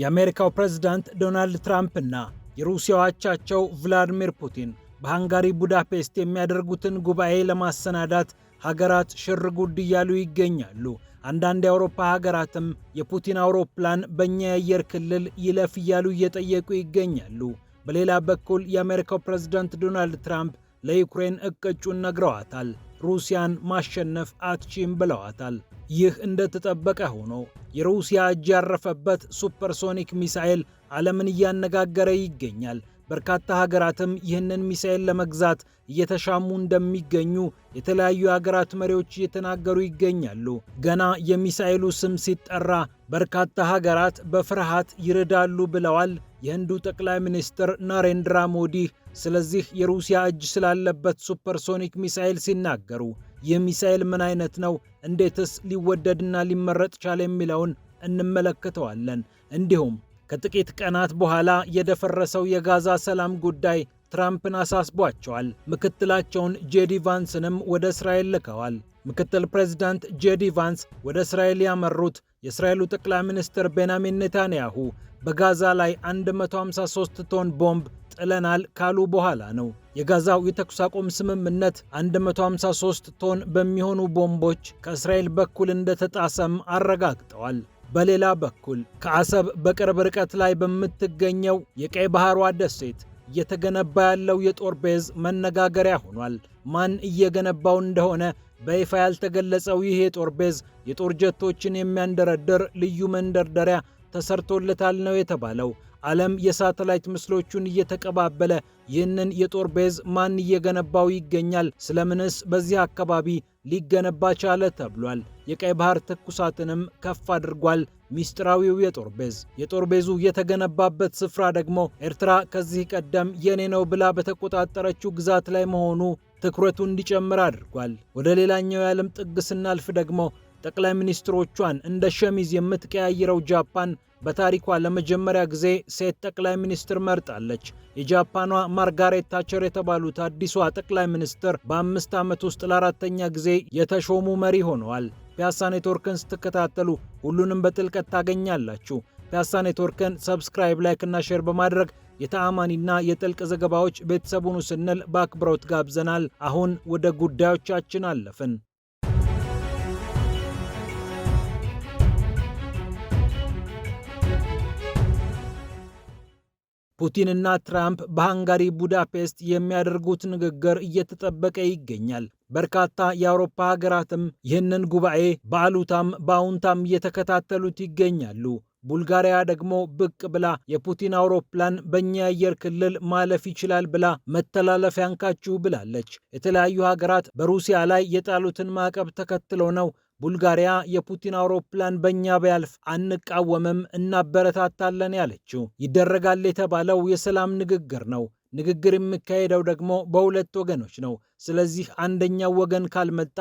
የአሜሪካው ፕሬዝዳንት ዶናልድ ትራምፕ እና የሩሲያው አቻቸው ቭላዲሚር ፑቲን በሃንጋሪ ቡዳፔስት የሚያደርጉትን ጉባኤ ለማሰናዳት ሀገራት ሽር ጉድ እያሉ ይገኛሉ። አንዳንድ የአውሮፓ ሀገራትም የፑቲን አውሮፕላን በእኛ የአየር ክልል ይለፍ እያሉ እየጠየቁ ይገኛሉ። በሌላ በኩል የአሜሪካው ፕሬዝዳንት ዶናልድ ትራምፕ ለዩክሬን እቅጩን ነግረዋታል። ሩሲያን ማሸነፍ አትችም ብለዋታል። ይህ እንደተጠበቀ ሆኖ የሩሲያ እጅ ያረፈበት ሱፐርሶኒክ ሚሳኤል ዓለምን እያነጋገረ ይገኛል። በርካታ ሀገራትም ይህንን ሚሳኤል ለመግዛት እየተሻሙ እንደሚገኙ የተለያዩ የሀገራት መሪዎች እየተናገሩ ይገኛሉ። ገና የሚሳኤሉ ስም ሲጠራ በርካታ ሀገራት በፍርሃት ይርዳሉ ብለዋል። የህንዱ ጠቅላይ ሚኒስትር ናሬንድራ ሞዲ ስለዚህ የሩሲያ እጅ ስላለበት ሱፐርሶኒክ ሚሳኤል ሲናገሩ ይህ ሚሳኤል ምን አይነት ነው? እንዴትስ ሊወደድና ሊመረጥ ቻለ? የሚለውን እንመለከተዋለን። እንዲሁም ከጥቂት ቀናት በኋላ የደፈረሰው የጋዛ ሰላም ጉዳይ ትራምፕን አሳስቧቸዋል። ምክትላቸውን ጄዲ ቫንስንም ወደ እስራኤል ልከዋል። ምክትል ፕሬዚዳንት ጄዲ ቫንስ ወደ እስራኤል ያመሩት የእስራኤሉ ጠቅላይ ሚኒስትር ቤንያሚን ኔታንያሁ በጋዛ ላይ 153 ቶን ቦምብ ጥለናል ካሉ በኋላ ነው የጋዛው የተኩስ አቁም ስምምነት 153 ቶን በሚሆኑ ቦምቦች ከእስራኤል በኩል እንደተጣሰም አረጋግጠዋል። በሌላ በኩል ከአሰብ በቅርብ ርቀት ላይ በምትገኘው የቀይ ባህሯ ደሴት እየተገነባ ያለው የጦር ቤዝ መነጋገሪያ ሆኗል። ማን እየገነባው እንደሆነ በይፋ ያልተገለጸው ይህ የጦር ቤዝ የጦር ጀቶችን የሚያንደረድር ልዩ መንደርደሪያ ተሰርቶለታል ነው የተባለው። ዓለም የሳተላይት ምስሎቹን እየተቀባበለ ይህንን የጦር ቤዝ ማን እየገነባው ይገኛል? ስለምንስ በዚህ አካባቢ ሊገነባ ቻለ ተብሏል። የቀይ ባህር ትኩሳትንም ከፍ አድርጓል። ሚስጥራዊው የጦር ቤዝ የጦር ቤዙ የተገነባበት ስፍራ ደግሞ ኤርትራ ከዚህ ቀደም የኔ ነው ብላ በተቆጣጠረችው ግዛት ላይ መሆኑ ትኩረቱ እንዲጨምር አድርጓል። ወደ ሌላኛው የዓለም ጥግ ስናልፍ ደግሞ ጠቅላይ ሚኒስትሮቿን እንደ ሸሚዝ የምትቀያይረው ጃፓን በታሪኳ ለመጀመሪያ ጊዜ ሴት ጠቅላይ ሚኒስትር መርጣለች። የጃፓኗ ማርጋሬት ታቸር የተባሉት አዲሷ ጠቅላይ ሚኒስትር በአምስት ዓመት ውስጥ ለአራተኛ ጊዜ የተሾሙ መሪ ሆነዋል። ፒያሳ ኔትወርክን ስትከታተሉ ሁሉንም በጥልቀት ታገኛላችሁ። ፒያሳ ኔትወርክን ሰብስክራይብ፣ ላይክ ና ሼር በማድረግ የተአማኒና የጥልቅ ዘገባዎች ቤተሰቡን ስንል በአክብሮት ጋብዘናል። አሁን ወደ ጉዳዮቻችን አለፍን። ፑቲንና ትራምፕ በሃንጋሪ ቡዳፔስት የሚያደርጉት ንግግር እየተጠበቀ ይገኛል። በርካታ የአውሮፓ ሀገራትም ይህንን ጉባኤ በአሉታም በአውንታም እየተከታተሉት ይገኛሉ። ቡልጋሪያ ደግሞ ብቅ ብላ የፑቲን አውሮፕላን በእኛ አየር ክልል ማለፍ ይችላል ብላ መተላለፊያ ያንካችሁ ብላለች። የተለያዩ ሀገራት በሩሲያ ላይ የጣሉትን ማዕቀብ ተከትሎ ነው ቡልጋሪያ የፑቲን አውሮፕላን በእኛ ቢያልፍ አንቃወምም፣ እናበረታታለን ያለችው ይደረጋል የተባለው የሰላም ንግግር ነው። ንግግር የሚካሄደው ደግሞ በሁለት ወገኖች ነው። ስለዚህ አንደኛው ወገን ካልመጣ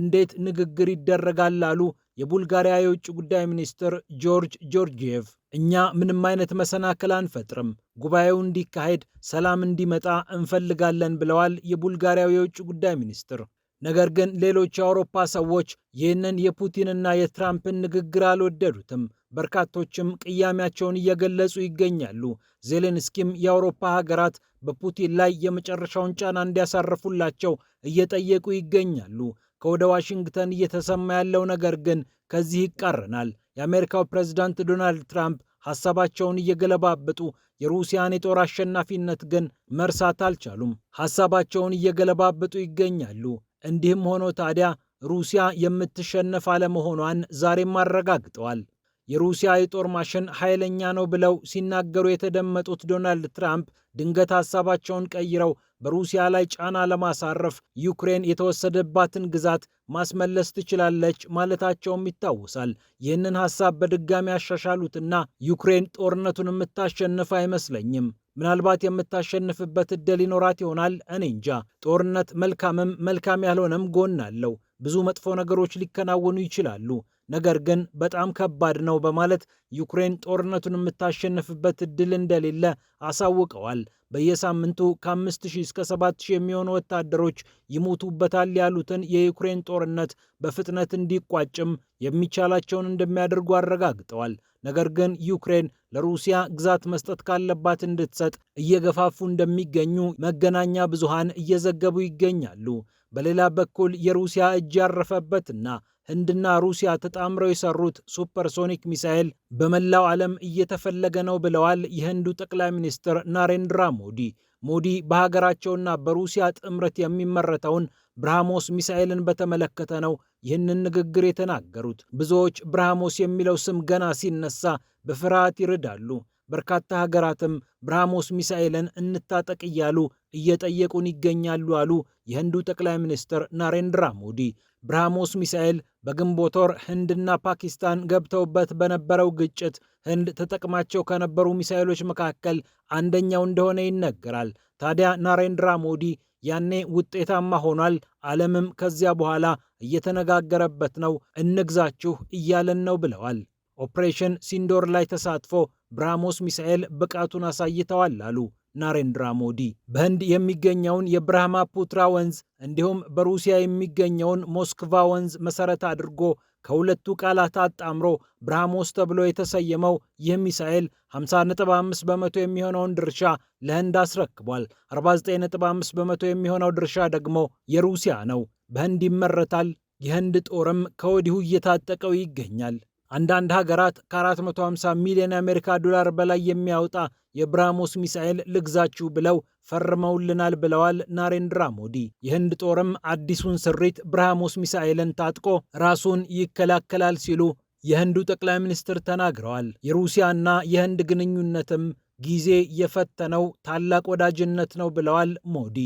እንዴት ንግግር ይደረጋል አሉ የቡልጋሪያ የውጭ ጉዳይ ሚኒስትር ጆርጅ ጆርጂየቭ። እኛ ምንም አይነት መሰናክል አንፈጥርም፣ ጉባኤው እንዲካሄድ ሰላም እንዲመጣ እንፈልጋለን ብለዋል የቡልጋሪያው የውጭ ጉዳይ ሚኒስትር። ነገር ግን ሌሎች የአውሮፓ ሰዎች ይህንን የፑቲንና የትራምፕን ንግግር አልወደዱትም። በርካቶችም ቅያሜያቸውን እየገለጹ ይገኛሉ። ዜሌንስኪም የአውሮፓ ሀገራት በፑቲን ላይ የመጨረሻውን ጫና እንዲያሳርፉላቸው እየጠየቁ ይገኛሉ። ከወደ ዋሽንግተን እየተሰማ ያለው ነገር ግን ከዚህ ይቃረናል። የአሜሪካው ፕሬዝዳንት ዶናልድ ትራምፕ ሐሳባቸውን እየገለባበጡ የሩሲያን የጦር አሸናፊነት ግን መርሳት አልቻሉም። ሐሳባቸውን እየገለባበጡ ይገኛሉ። እንዲህም ሆኖ ታዲያ ሩሲያ የምትሸነፍ አለመሆኗን ዛሬም አረጋግጠዋል። የሩሲያ የጦር ማሽን ኃይለኛ ነው ብለው ሲናገሩ የተደመጡት ዶናልድ ትራምፕ ድንገት ሀሳባቸውን ቀይረው በሩሲያ ላይ ጫና ለማሳረፍ ዩክሬን የተወሰደባትን ግዛት ማስመለስ ትችላለች ማለታቸውም ይታወሳል። ይህንን ሀሳብ በድጋሚ ያሻሻሉትና ዩክሬን ጦርነቱን የምታሸንፍ አይመስለኝም ምናልባት የምታሸንፍበት ዕድል ይኖራት ይሆናል። እኔ እንጃ። ጦርነት መልካምም መልካም ያልሆነም ጎን አለው። ብዙ መጥፎ ነገሮች ሊከናወኑ ይችላሉ። ነገር ግን በጣም ከባድ ነው በማለት ዩክሬን ጦርነቱን የምታሸንፍበት እድል እንደሌለ አሳውቀዋል። በየሳምንቱ ከ5000 እስከ 7000 የሚሆኑ ወታደሮች ይሞቱበታል ያሉትን የዩክሬን ጦርነት በፍጥነት እንዲቋጭም የሚቻላቸውን እንደሚያደርጉ አረጋግጠዋል። ነገር ግን ዩክሬን ለሩሲያ ግዛት መስጠት ካለባት እንድትሰጥ እየገፋፉ እንደሚገኙ መገናኛ ብዙሃን እየዘገቡ ይገኛሉ። በሌላ በኩል የሩሲያ እጅ ያረፈበትና ህንድና ሩሲያ ተጣምረው የሰሩት ሱፐርሶኒክ ሚሳኤል በመላው ዓለም እየተፈለገ ነው ብለዋል የህንዱ ጠቅላይ ሚኒስትር ናሬንድራ ሞዲ። ሞዲ በሀገራቸውና በሩሲያ ጥምረት የሚመረተውን ብርሃሞስ ሚሳኤልን በተመለከተ ነው ይህንን ንግግር የተናገሩት። ብዙዎች ብርሃሞስ የሚለው ስም ገና ሲነሳ በፍርሃት ይርዳሉ። በርካታ ሀገራትም ብርሃሞስ ሚሳኤልን እንታጠቅ እያሉ እየጠየቁን ይገኛሉ አሉ የህንዱ ጠቅላይ ሚኒስትር ናሬንድራ ሞዲ። ብራህሞስ ሚሳኤል በግንቦት ወር ህንድና ፓኪስታን ገብተውበት በነበረው ግጭት ህንድ ተጠቅማቸው ከነበሩ ሚሳኤሎች መካከል አንደኛው እንደሆነ ይነገራል። ታዲያ ናሬንድራ ሞዲ ያኔ ውጤታማ ሆኗል። ዓለምም ከዚያ በኋላ እየተነጋገረበት ነው፣ እንግዛችሁ እያለን ነው ብለዋል። ኦፕሬሽን ሲንዶር ላይ ተሳትፎ ብራህሞስ ሚሳኤል ብቃቱን አሳይተዋል አሉ። ናሬንድራ ሞዲ በህንድ የሚገኘውን የብርሃማ ፑትራ ወንዝ እንዲሁም በሩሲያ የሚገኘውን ሞስክቫ ወንዝ መሰረት አድርጎ ከሁለቱ ቃላት አጣምሮ ብርሃሞስ ተብሎ የተሰየመው ይህ ሚሳኤል 50.5 በመቶ የሚሆነውን ድርሻ ለህንድ አስረክቧል። 49.5 በመቶ የሚሆነው ድርሻ ደግሞ የሩሲያ ነው። በህንድ ይመረታል። የህንድ ጦርም ከወዲሁ እየታጠቀው ይገኛል። አንዳንድ ሀገራት ከ450 ሚሊዮን የአሜሪካ ዶላር በላይ የሚያወጣ የብራሞስ ሚሳኤል ልግዛችሁ ብለው ፈርመውልናል ብለዋል ናሬንድራ ሞዲ። የህንድ ጦርም አዲሱን ስሪት ብራሞስ ሚሳኤልን ታጥቆ ራሱን ይከላከላል ሲሉ የህንዱ ጠቅላይ ሚኒስትር ተናግረዋል። የሩሲያና የህንድ ግንኙነትም ጊዜ የፈተነው ታላቅ ወዳጅነት ነው ብለዋል ሞዲ።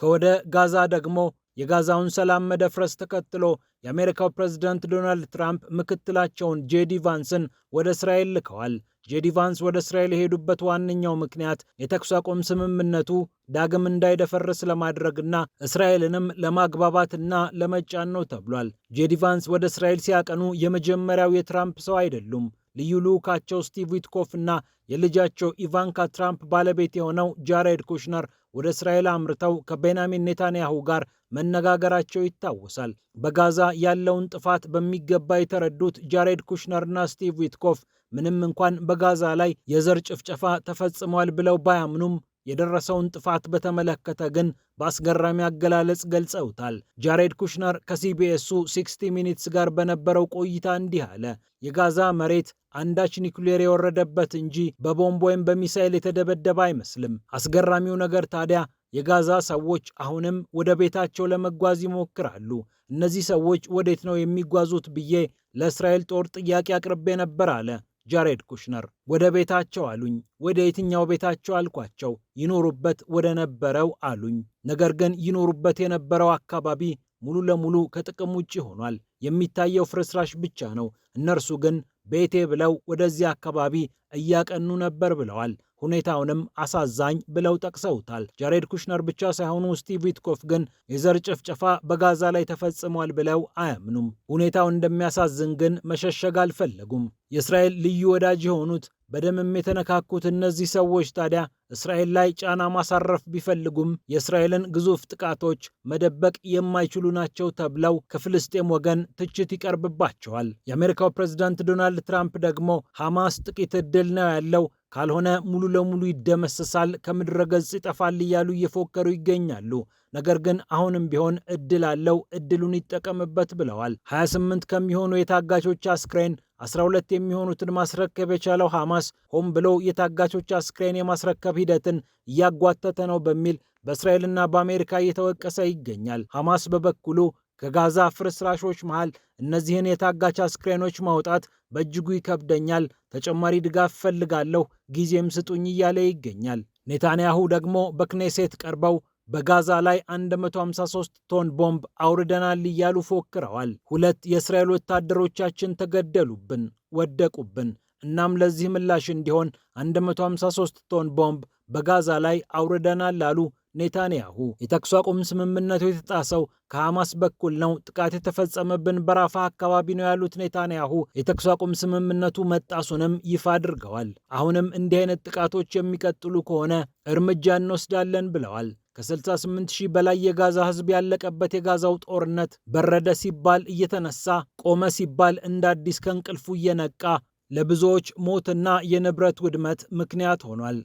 ከወደ ጋዛ ደግሞ የጋዛውን ሰላም መደፍረስ ተከትሎ የአሜሪካው ፕሬዝዳንት ዶናልድ ትራምፕ ምክትላቸውን ጄዲ ቫንስን ወደ እስራኤል ልከዋል። ጄዲ ቫንስ ወደ እስራኤል የሄዱበት ዋነኛው ምክንያት የተኩስ አቁም ስምምነቱ ዳግም እንዳይደፈርስ ለማድረግና እስራኤልንም ለማግባባትና ለመጫን ነው ተብሏል። ጄዲ ቫንስ ወደ እስራኤል ሲያቀኑ የመጀመሪያው የትራምፕ ሰው አይደሉም። ልዩ ልዑካቸው ስቲቭ ዊትኮፍ እና የልጃቸው ኢቫንካ ትራምፕ ባለቤት የሆነው ጃሬድ ኩሽነር ወደ እስራኤል አምርተው ከቤንያሚን ኔታንያሁ ጋር መነጋገራቸው ይታወሳል። በጋዛ ያለውን ጥፋት በሚገባ የተረዱት ጃሬድ ኩሽነርና ስቲቭ ዊትኮፍ ምንም እንኳን በጋዛ ላይ የዘር ጭፍጨፋ ተፈጽሟል ብለው ባያምኑም የደረሰውን ጥፋት በተመለከተ ግን በአስገራሚ አገላለጽ ገልጸውታል። ጃሬድ ኩሽነር ከሲቢኤሱ 60 ሚኒትስ ጋር በነበረው ቆይታ እንዲህ አለ። የጋዛ መሬት አንዳች ኒውክሌር የወረደበት እንጂ በቦምብ ወይም በሚሳይል የተደበደበ አይመስልም። አስገራሚው ነገር ታዲያ የጋዛ ሰዎች አሁንም ወደ ቤታቸው ለመጓዝ ይሞክራሉ። እነዚህ ሰዎች ወዴት ነው የሚጓዙት ብዬ ለእስራኤል ጦር ጥያቄ አቅርቤ ነበር አለ። ጃሬድ ኩሽነር ወደ ቤታቸው አሉኝ። ወደ የትኛው ቤታቸው አልኳቸው። ይኖሩበት ወደ ነበረው አሉኝ። ነገር ግን ይኖሩበት የነበረው አካባቢ ሙሉ ለሙሉ ከጥቅም ውጭ ሆኗል። የሚታየው ፍርስራሽ ብቻ ነው። እነርሱ ግን ቤቴ ብለው ወደዚህ አካባቢ እያቀኑ ነበር ብለዋል። ሁኔታውንም አሳዛኝ ብለው ጠቅሰውታል። ጃሬድ ኩሽነር ብቻ ሳይሆኑ ስቲቭ ዊትኮፍ ግን የዘር ጭፍጨፋ በጋዛ ላይ ተፈጽሟል ብለው አያምኑም። ሁኔታው እንደሚያሳዝን ግን መሸሸግ አልፈለጉም። የእስራኤል ልዩ ወዳጅ የሆኑት በደምም የተነካኩት እነዚህ ሰዎች ታዲያ እስራኤል ላይ ጫና ማሳረፍ ቢፈልጉም የእስራኤልን ግዙፍ ጥቃቶች መደበቅ የማይችሉ ናቸው ተብለው ከፍልስጤም ወገን ትችት ይቀርብባቸዋል። የአሜሪካው ፕሬዝዳንት ዶናልድ ትራምፕ ደግሞ ሐማስ ጥቂት ዕድል ነው ያለው ካልሆነ ሙሉ ለሙሉ ይደመሰሳል፣ ከምድረ ገጽ ይጠፋል እያሉ እየፎከሩ ይገኛሉ። ነገር ግን አሁንም ቢሆን እድል አለው፣ እድሉን ይጠቀምበት ብለዋል። 28 ከሚሆኑ የታጋቾች አስክሬን 12 የሚሆኑትን ማስረከብ የቻለው ሐማስ ሆም ብሎ የታጋቾች አስክሬን የማስረከብ ሂደትን እያጓተተ ነው በሚል በእስራኤልና በአሜሪካ እየተወቀሰ ይገኛል። ሐማስ በበኩሉ ከጋዛ ፍርስራሾች መሃል እነዚህን የታጋች አስክሬኖች ማውጣት በእጅጉ ይከብደኛል፣ ተጨማሪ ድጋፍ ፈልጋለሁ፣ ጊዜም ስጡኝ እያለ ይገኛል። ኔታንያሁ ደግሞ በክኔሴት ቀርበው በጋዛ ላይ 153 ቶን ቦምብ አውርደናል እያሉ ፎክረዋል። ሁለት የእስራኤል ወታደሮቻችን ተገደሉብን፣ ወደቁብን። እናም ለዚህ ምላሽ እንዲሆን 153 ቶን ቦምብ በጋዛ ላይ አውርደናል አሉ ኔታንያሁ የተኩስ አቁም ስምምነቱ የተጣሰው ከሐማስ በኩል ነው፣ ጥቃት የተፈጸመብን በራፋ አካባቢ ነው ያሉት ኔታንያሁ የተኩስ አቁም ስምምነቱ መጣሱንም ይፋ አድርገዋል። አሁንም እንዲህ አይነት ጥቃቶች የሚቀጥሉ ከሆነ እርምጃ እንወስዳለን ብለዋል። ከ68 ሺህ በላይ የጋዛ ሕዝብ ያለቀበት የጋዛው ጦርነት በረደ ሲባል እየተነሳ ቆመ ሲባል እንደ አዲስ ከእንቅልፉ እየነቃ ለብዙዎች ሞትና የንብረት ውድመት ምክንያት ሆኗል።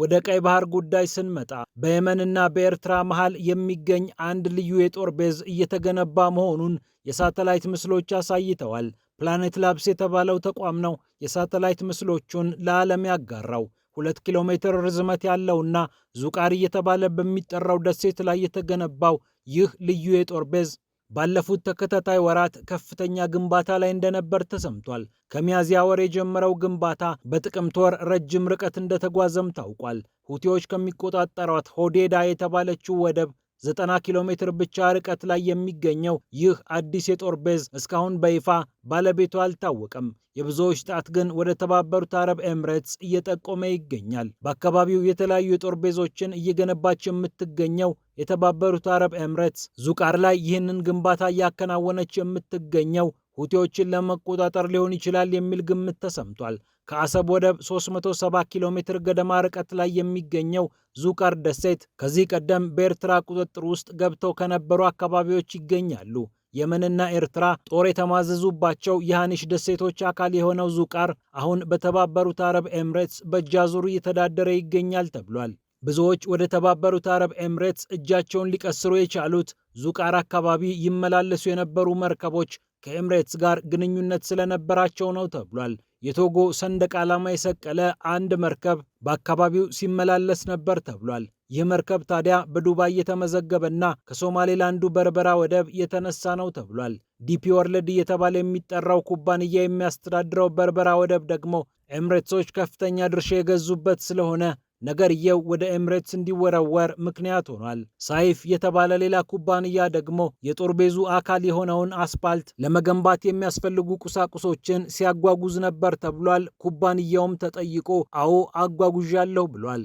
ወደ ቀይ ባህር ጉዳይ ስንመጣ በየመንና በኤርትራ መሃል የሚገኝ አንድ ልዩ የጦር ቤዝ እየተገነባ መሆኑን የሳተላይት ምስሎች አሳይተዋል። ፕላኔት ላብስ የተባለው ተቋም ነው የሳተላይት ምስሎቹን ለዓለም ያጋራው። ሁለት ኪሎ ሜትር ርዝመት ያለውና ዙቃሪ እየተባለ በሚጠራው ደሴት ላይ የተገነባው ይህ ልዩ የጦር ቤዝ ባለፉት ተከታታይ ወራት ከፍተኛ ግንባታ ላይ እንደነበር ተሰምቷል። ከሚያዝያ ወር የጀመረው ግንባታ በጥቅምት ወር ረጅም ርቀት እንደተጓዘም ታውቋል። ሁቲዎች ከሚቆጣጠሯት ሆዴዳ የተባለችው ወደብ 90 ኪሎ ሜትር ብቻ ርቀት ላይ የሚገኘው ይህ አዲስ የጦር ቤዝ እስካሁን በይፋ ባለቤቱ አልታወቀም። የብዙዎች ጣት ግን ወደ ተባበሩት አረብ ኤምሬትስ እየጠቆመ ይገኛል። በአካባቢው የተለያዩ የጦር ቤዞችን እየገነባች የምትገኘው የተባበሩት አረብ ኤምሬትስ ዙቃር ላይ ይህንን ግንባታ እያከናወነች የምትገኘው ሁቲዎችን ለመቆጣጠር ሊሆን ይችላል የሚል ግምት ተሰምቷል። ከአሰብ ወደብ 37 ኪሎ ሜትር ገደማ ርቀት ላይ የሚገኘው ዙቃር ደሴት ከዚህ ቀደም በኤርትራ ቁጥጥር ውስጥ ገብተው ከነበሩ አካባቢዎች ይገኛሉ። የመንና ኤርትራ ጦር የተማዘዙባቸው የሃኒሽ ደሴቶች አካል የሆነው ዙቃር አሁን በተባበሩት አረብ ኤምሬትስ በእጃዙር እየተዳደረ ይገኛል ተብሏል። ብዙዎች ወደ ተባበሩት አረብ ኤምሬትስ እጃቸውን ሊቀስሩ የቻሉት ዙቃር አካባቢ ይመላለሱ የነበሩ መርከቦች ከኤምሬትስ ጋር ግንኙነት ስለነበራቸው ነው ተብሏል። የቶጎ ሰንደቅ ዓላማ የሰቀለ አንድ መርከብ በአካባቢው ሲመላለስ ነበር ተብሏል። ይህ መርከብ ታዲያ በዱባይ የተመዘገበና ከሶማሌላንዱ በርበራ ወደብ የተነሳ ነው ተብሏል። ዲፒ ወርልድ እየተባለ የሚጠራው ኩባንያ የሚያስተዳድረው በርበራ ወደብ ደግሞ ኤምሬትሶች ከፍተኛ ድርሻ የገዙበት ስለሆነ ነገርየው ወደ ኤምሬትስ እንዲወረወር ምክንያት ሆኗል። ሳይፍ የተባለ ሌላ ኩባንያ ደግሞ የጦር ቤዙ አካል የሆነውን አስፓልት ለመገንባት የሚያስፈልጉ ቁሳቁሶችን ሲያጓጉዝ ነበር ተብሏል። ኩባንያውም ተጠይቆ አዎ አጓጉዣለሁ ብሏል።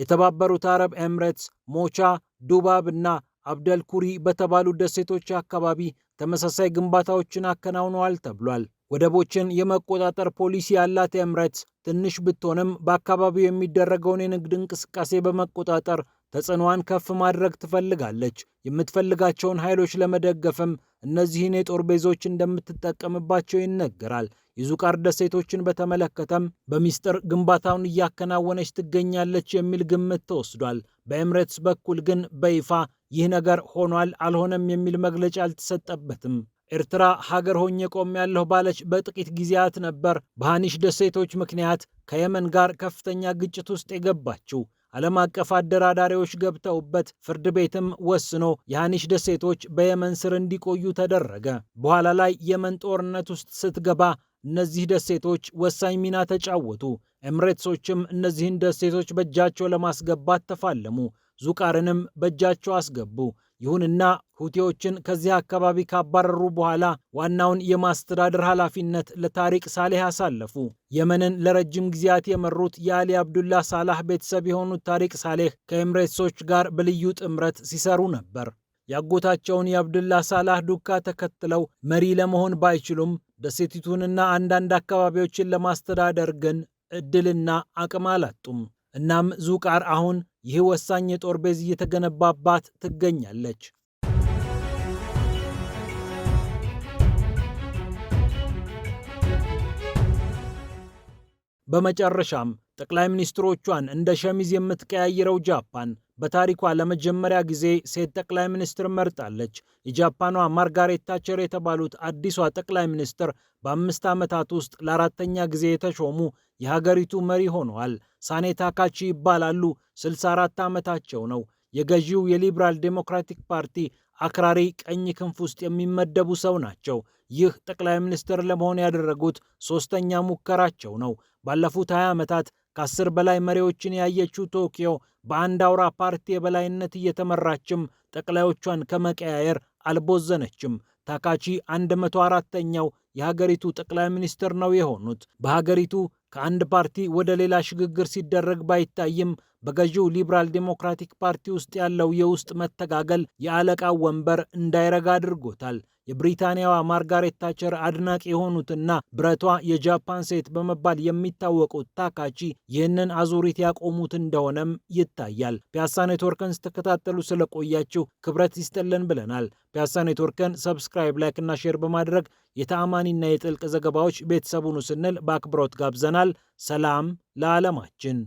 የተባበሩት አረብ ኤምሬትስ ሞቻ፣ ዱባብ እና አብደልኩሪ በተባሉ ደሴቶች አካባቢ ተመሳሳይ ግንባታዎችን አከናውነዋል ተብሏል። ወደቦችን የመቆጣጠር ፖሊሲ ያላት ኤምሬትስ ትንሽ ብትሆንም በአካባቢው የሚደረገውን የንግድ እንቅስቃሴ በመቆጣጠር ተጽዕኖዋን ከፍ ማድረግ ትፈልጋለች። የምትፈልጋቸውን ኃይሎች ለመደገፍም እነዚህን የጦር ቤዞች እንደምትጠቀምባቸው ይነገራል። የዙቃር ደሴቶችን በተመለከተም በሚስጥር ግንባታውን እያከናወነች ትገኛለች የሚል ግምት ተወስዷል። በኤምሬትስ በኩል ግን በይፋ ይህ ነገር ሆኗል አልሆነም የሚል መግለጫ አልተሰጠበትም። ኤርትራ ሀገር ሆኜ ያለሁ ባለች በጥቂት ጊዜያት ነበር በሃኒሽ ደሴቶች ምክንያት ከየመን ጋር ከፍተኛ ግጭት ውስጥ የገባችው። ዓለም አቀፍ አደራዳሪዎች ገብተውበት ፍርድ ቤትም ወስኖ የሃኒሽ ደሴቶች በየመን ስር እንዲቆዩ ተደረገ። በኋላ ላይ የመን ጦርነት ውስጥ ስትገባ እነዚህ ደሴቶች ወሳኝ ሚና ተጫወቱ። ኤምሬትሶችም እነዚህን ደሴቶች በእጃቸው ለማስገባት ተፋለሙ። ዙቃርንም በእጃቸው አስገቡ። ይሁንና ሁቴዎችን ከዚህ አካባቢ ካባረሩ በኋላ ዋናውን የማስተዳደር ኃላፊነት ለታሪቅ ሳሌህ አሳለፉ። የመንን ለረጅም ጊዜያት የመሩት የአሊ አብዱላህ ሳላህ ቤተሰብ የሆኑት ታሪቅ ሳሌህ ከኤምሬትሶች ጋር በልዩ ጥምረት ሲሰሩ ነበር። ያጎታቸውን የአብዱላህ ሳላህ ዱካ ተከትለው መሪ ለመሆን ባይችሉም ደሴቲቱንና አንዳንድ አካባቢዎችን ለማስተዳደር ግን እድልና አቅም አላጡም። እናም ዙቃር አሁን ይህ ወሳኝ የጦር ቤዝ እየተገነባባት ትገኛለች። በመጨረሻም ጠቅላይ ሚኒስትሮቿን እንደ ሸሚዝ የምትቀያይረው ጃፓን በታሪኳ ለመጀመሪያ ጊዜ ሴት ጠቅላይ ሚኒስትር መርጣለች። የጃፓኗ ማርጋሬት ታቸር የተባሉት አዲሷ ጠቅላይ ሚኒስትር በአምስት ዓመታት ውስጥ ለአራተኛ ጊዜ የተሾሙ የሀገሪቱ መሪ ሆነዋል። ሳኔ ታካቺ ይባላሉ። 64 ዓመታቸው ነው። የገዢው የሊብራል ዴሞክራቲክ ፓርቲ አክራሪ ቀኝ ክንፍ ውስጥ የሚመደቡ ሰው ናቸው። ይህ ጠቅላይ ሚኒስትር ለመሆን ያደረጉት ሶስተኛ ሙከራቸው ነው። ባለፉት 20 ዓመታት ከአስር በላይ መሪዎችን ያየችው ቶኪዮ በአንድ አውራ ፓርቲ የበላይነት እየተመራችም ጠቅላዮቿን ከመቀያየር አልቦዘነችም። ታካቺ 104ኛው የሀገሪቱ ጠቅላይ ሚኒስትር ነው የሆኑት። በሀገሪቱ ከአንድ ፓርቲ ወደ ሌላ ሽግግር ሲደረግ ባይታይም በገዢው ሊብራል ዴሞክራቲክ ፓርቲ ውስጥ ያለው የውስጥ መተጋገል የአለቃው ወንበር እንዳይረጋ አድርጎታል። የብሪታንያዋ ማርጋሬት ታቸር አድናቂ የሆኑትና ብረቷ የጃፓን ሴት በመባል የሚታወቁት ታካቺ ይህንን አዙሪት ያቆሙት እንደሆነም ይታያል። ፒያሳ ኔትወርክን ስትከታተሉ ስለቆያችሁ ክብረት ይስጥልን ብለናል። ፒያሳ ኔትወርክን ሰብስክራይብ፣ ላይክና ሼር በማድረግ የተአማኒና የጥልቅ ዘገባዎች ቤተሰቡን ስንል በአክብሮት ጋብዘናል። ሰላም ለዓለማችን።